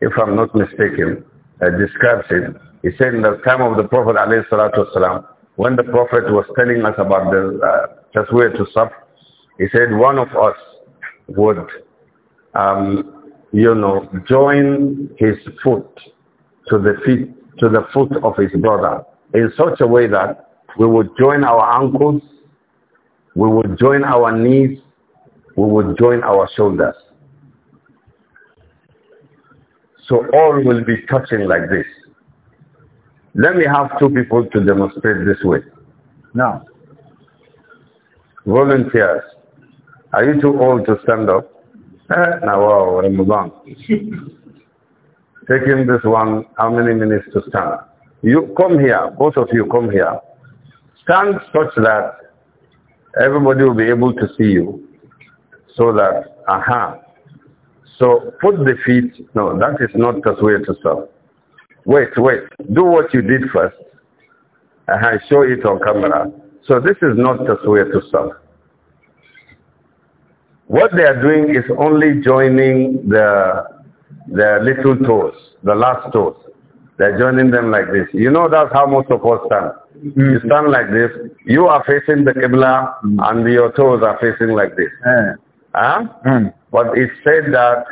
if I'm not mistaken, uh, describes it. He said in the time of the Prophet والسلام, when the Prophet was telling us about the uh, Tasweer to Saf, he said one of us would, um, you know, join his foot to the feet, to the foot of his brother in such a way that we would join our ankles, we would join our knees, we would join our shoulders. So all will be touching like this. Let me have two people to demonstrate this way. Now, volunteers, are you too old to stand up? now, wow, on. Taking this one, how many minutes to stand? You come here, both of you come here. Stand such that everybody will be able to see you so that, aha, so put the feet, no, that is not way to stop. Wait, wait, do what you did first. I uh-huh, show it on camera. So this is not way to stop. What they are doing is only joining the, the little toes, the last toes. They're joining them like this. You know that's how most of us stand. Mm -hmm. You stand like this. You are facing the Qibla mm -hmm. and your toes are facing like this. Huh? Mm. But it said that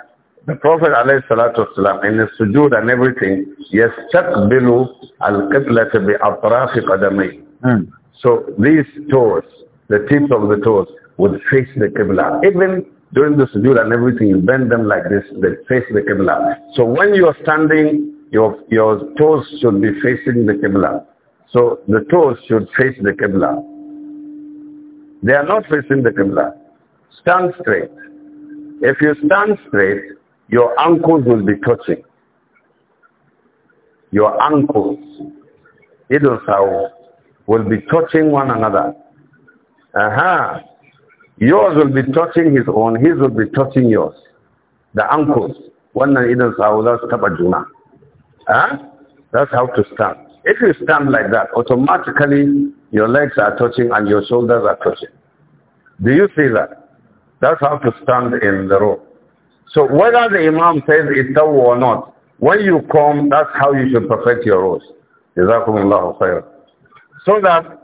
the Prophet والسلام, in his sujood and everything, يَسْتَقْبِلُ الْقِبْلَةِ بِأَطْرَافِ قَدَمَيْهِ mm. So these toes, the tips of the toes, would face the Qibla. Even during the sujood and everything, you bend them like this, they face the Qibla. So when you are standing, your, your toes should be facing the Qibla. So the toes should face the Qibla. They are not facing the Qibla. Stand straight. If you stand straight, your ankles will be touching. Your ankles, Idusau, will be touching one another. Aha. Uh-huh. Yours will be touching his own, his will be touching yours. The ankles. and Idusau, that's Tabajuna. Huh? That's how to stand. If you stand like that, automatically your legs are touching and your shoulders are touching. Do you see that? That's how to stand in the row. So whether the Imam says it or not, when you come, that's how you should perfect your rows. So that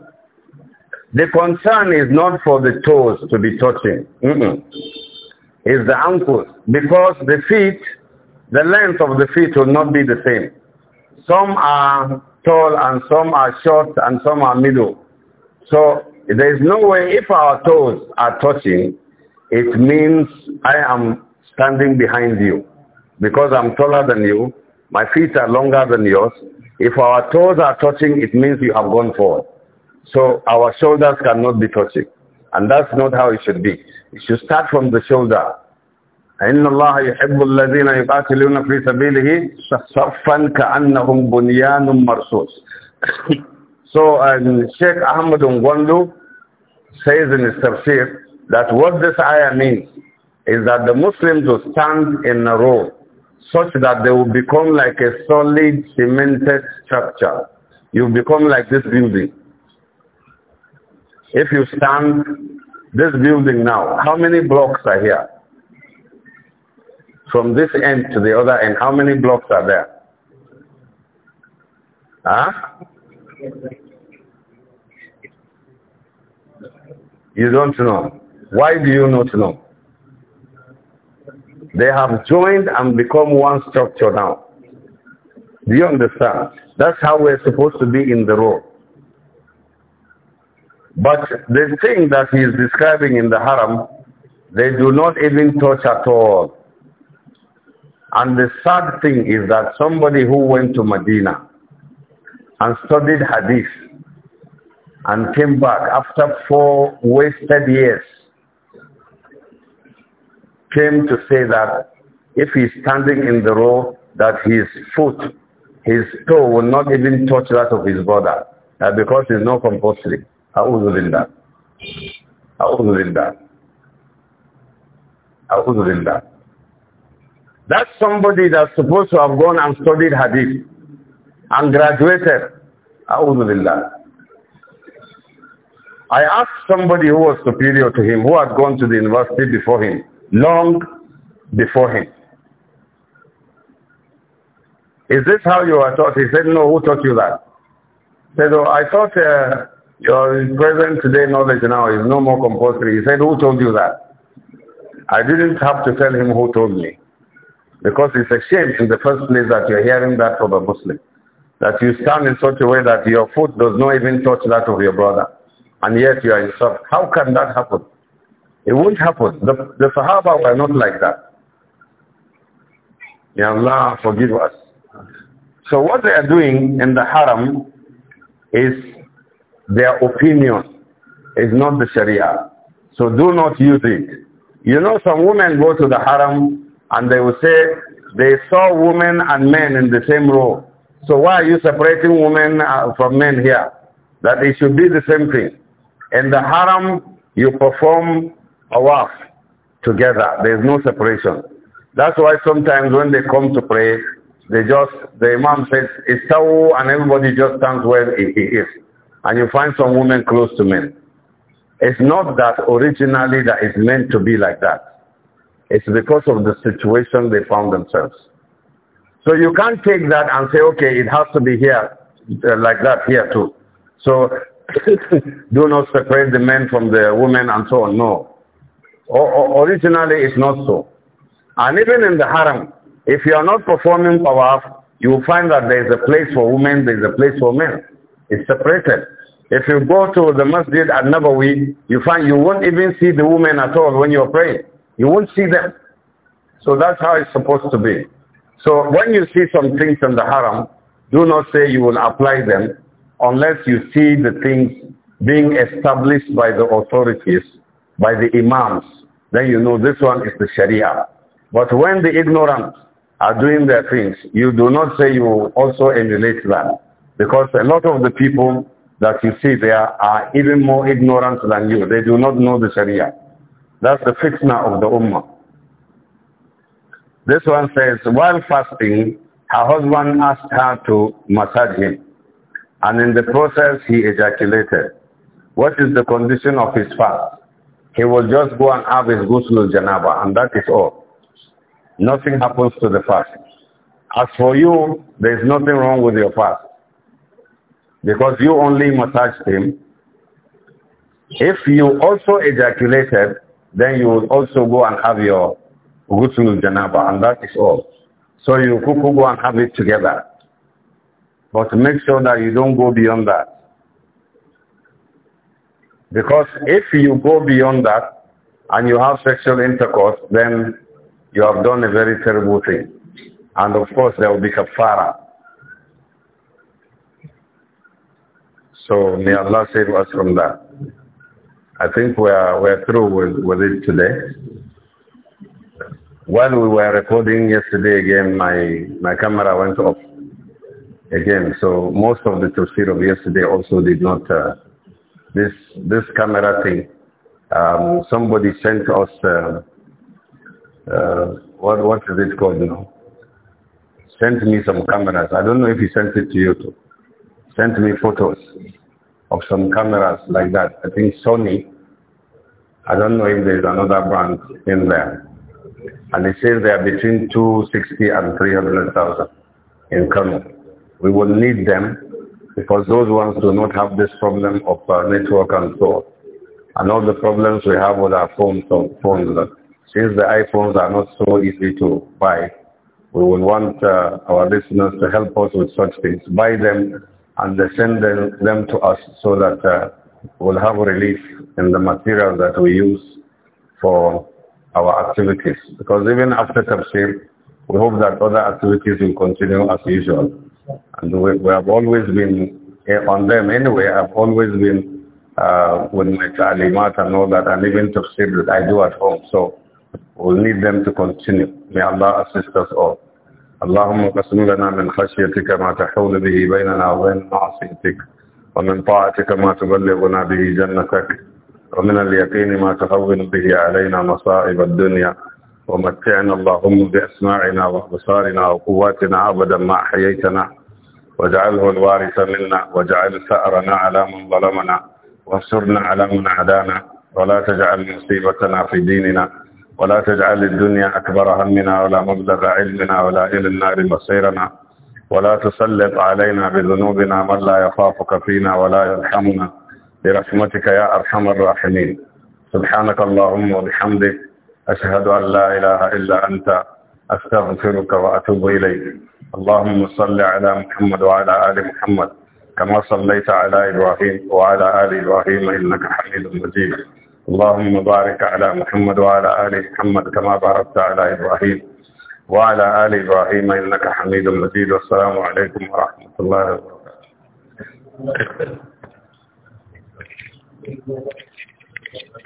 the concern is not for the toes to be touching. Mm -mm. It's the ankles. Because the feet, the length of the feet will not be the same. Some are tall and some are short and some are middle. So there is no way if our toes are touching, it means I am standing behind you. Because I'm taller than you, my feet are longer than yours. If our toes are touching, it means you have gone forward. So our shoulders cannot be touching. And that's not how it should be. It should start from the shoulder. إن الله يحب الذين يقاتلون في سبيله صفا كأنهم بنيان مرصوص. so um, Sheikh Ahmed Ngwandu says in his tafsir that what this ayah means is that the Muslims will stand in a row such that they will become like a solid cemented structure. You become like this building. If you stand this building now, how many blocks are here? From this end to the other end, how many blocks are there? Huh? You don't know. Why do you not know? They have joined and become one structure now. Do you understand? That's how we're supposed to be in the role. But the thing that he is describing in the haram, they do not even touch at all. And the sad thing is that somebody who went to Medina and studied hadith and came back after four wasted years came to say that if he's standing in the row, that his foot, his toe will not even touch that of his brother, uh, because he's not compulsory. that. I أعوذ not do that. That's somebody that's supposed to have gone and studied hadith and graduated. أعوذ I asked somebody who was superior to him, who had gone to the university before him, long before him. Is this how you are taught? He said, no, who taught you that? He said, oh, I thought uh, your present today knowledge now is no more compulsory. He said, who told you that? I didn't have to tell him who told me. Because it's a shame in the first place that you're hearing that from a Muslim. That you stand in such a way that your foot does not even touch that of your brother. And yet you are yourself. How can that happen? It won't happen. The, the Sahaba were not like that. May Allah forgive us. So what they are doing in the haram is their opinion, is not the Sharia. So do not use it. You know some women go to the haram and they will say they saw women and men in the same row. So why are you separating women uh, from men here? That it should be the same thing. In the haram, you perform awaf together. There is no separation. That's why sometimes when they come to pray, they just, the imam says, so and everybody just stands where he is. And you find some women close to men. It's not that originally that it's meant to be like that. It's because of the situation they found themselves. So you can't take that and say, okay, it has to be here, uh, like that here too. So do not separate the men from the women and so on. No originally, it's not so. And even in the haram, if you are not performing tawaf, you will find that there is a place for women, there is a place for men. It's separated. If you go to the masjid at Nabawi, you find you won't even see the women at all when you're praying. You won't see them. So that's how it's supposed to be. So when you see some things in the haram, do not say you will apply them unless you see the things being established by the authorities, by the imams, then you know this one is the Sharia. But when the ignorant are doing their things, you do not say you also emulate them. Because a lot of the people that you see there are even more ignorant than you. They do not know the Sharia. That's the fitna of the Ummah. This one says, while fasting, her husband asked her to massage him. And in the process, he ejaculated. What is the condition of his fast? He will just go and have his ghusl janaba and that is all. Nothing happens to the fast. As for you, there is nothing wrong with your fast. Because you only massaged him. If you also ejaculated, then you will also go and have your ghusl janaba and that is all. So you could go and have it together. But make sure that you don't go beyond that. Because if you go beyond that and you have sexual intercourse, then you have done a very terrible thing. And of course, there will be kafara. So may Allah save us from that. I think we're, we're through with, with it today. While we were recording yesterday again, my, my camera went off again. So most of the tafsir of yesterday also did not... Uh, this this camera thing. Um, uh, somebody sent us uh, uh, what what is it called You know, Sent me some cameras. I don't know if he sent it to you too. Sent me photos of some cameras like that. I think Sony. I don't know if there is another brand in there. And they say they are between 260 and 300,000 in Kano. We will need them because those ones do not have this problem of uh, network and so on. And all the problems we have with our phones, phones uh, since the iPhones are not so easy to buy, we will want uh, our listeners to help us with such things. Buy them and send them, them to us so that uh, we'll have relief in the material that we use for our activities. Because even after Tafsir, we hope that other activities will continue as usual. And we, we have always been eh, on them anyway. I've always been uh, with my talimat and all that, and even tafsir that I do at home. So we'll need them to continue. May Allah assist us all. اللهم قسم لنا من خشيتك ما تحول به بيننا وبين معصيتك ومن طاعتك ما تبلغنا به جنتك ومن اليقين ما تهون به علينا مصائب الدنيا ومتعنا اللهم بأسماعنا وأبصارنا وقواتنا أبدا ما أحييتنا واجعله الوارث منا واجعل ثأرنا على من ظلمنا وانصرنا على من عدانا ولا تجعل مصيبتنا في ديننا ولا تجعل الدنيا أكبر همنا ولا مبلغ علمنا ولا إلى النار مصيرنا ولا تسلط علينا بذنوبنا من لا يخافك فينا ولا يرحمنا برحمتك يا أرحم الراحمين سبحانك اللهم وبحمدك أشهد أن لا إله إلا أنت أستغفرك وأتوب إليك اللهم صل على محمد وعلى آل محمد كما صليت على إبراهيم وعلى آل إبراهيم إنك حميد مجيد اللهم بارك على محمد وعلى آل محمد كما باركت على إبراهيم وعلى آل إبراهيم إنك حميد مجيد والسلام عليكم ورحمة الله وبركاته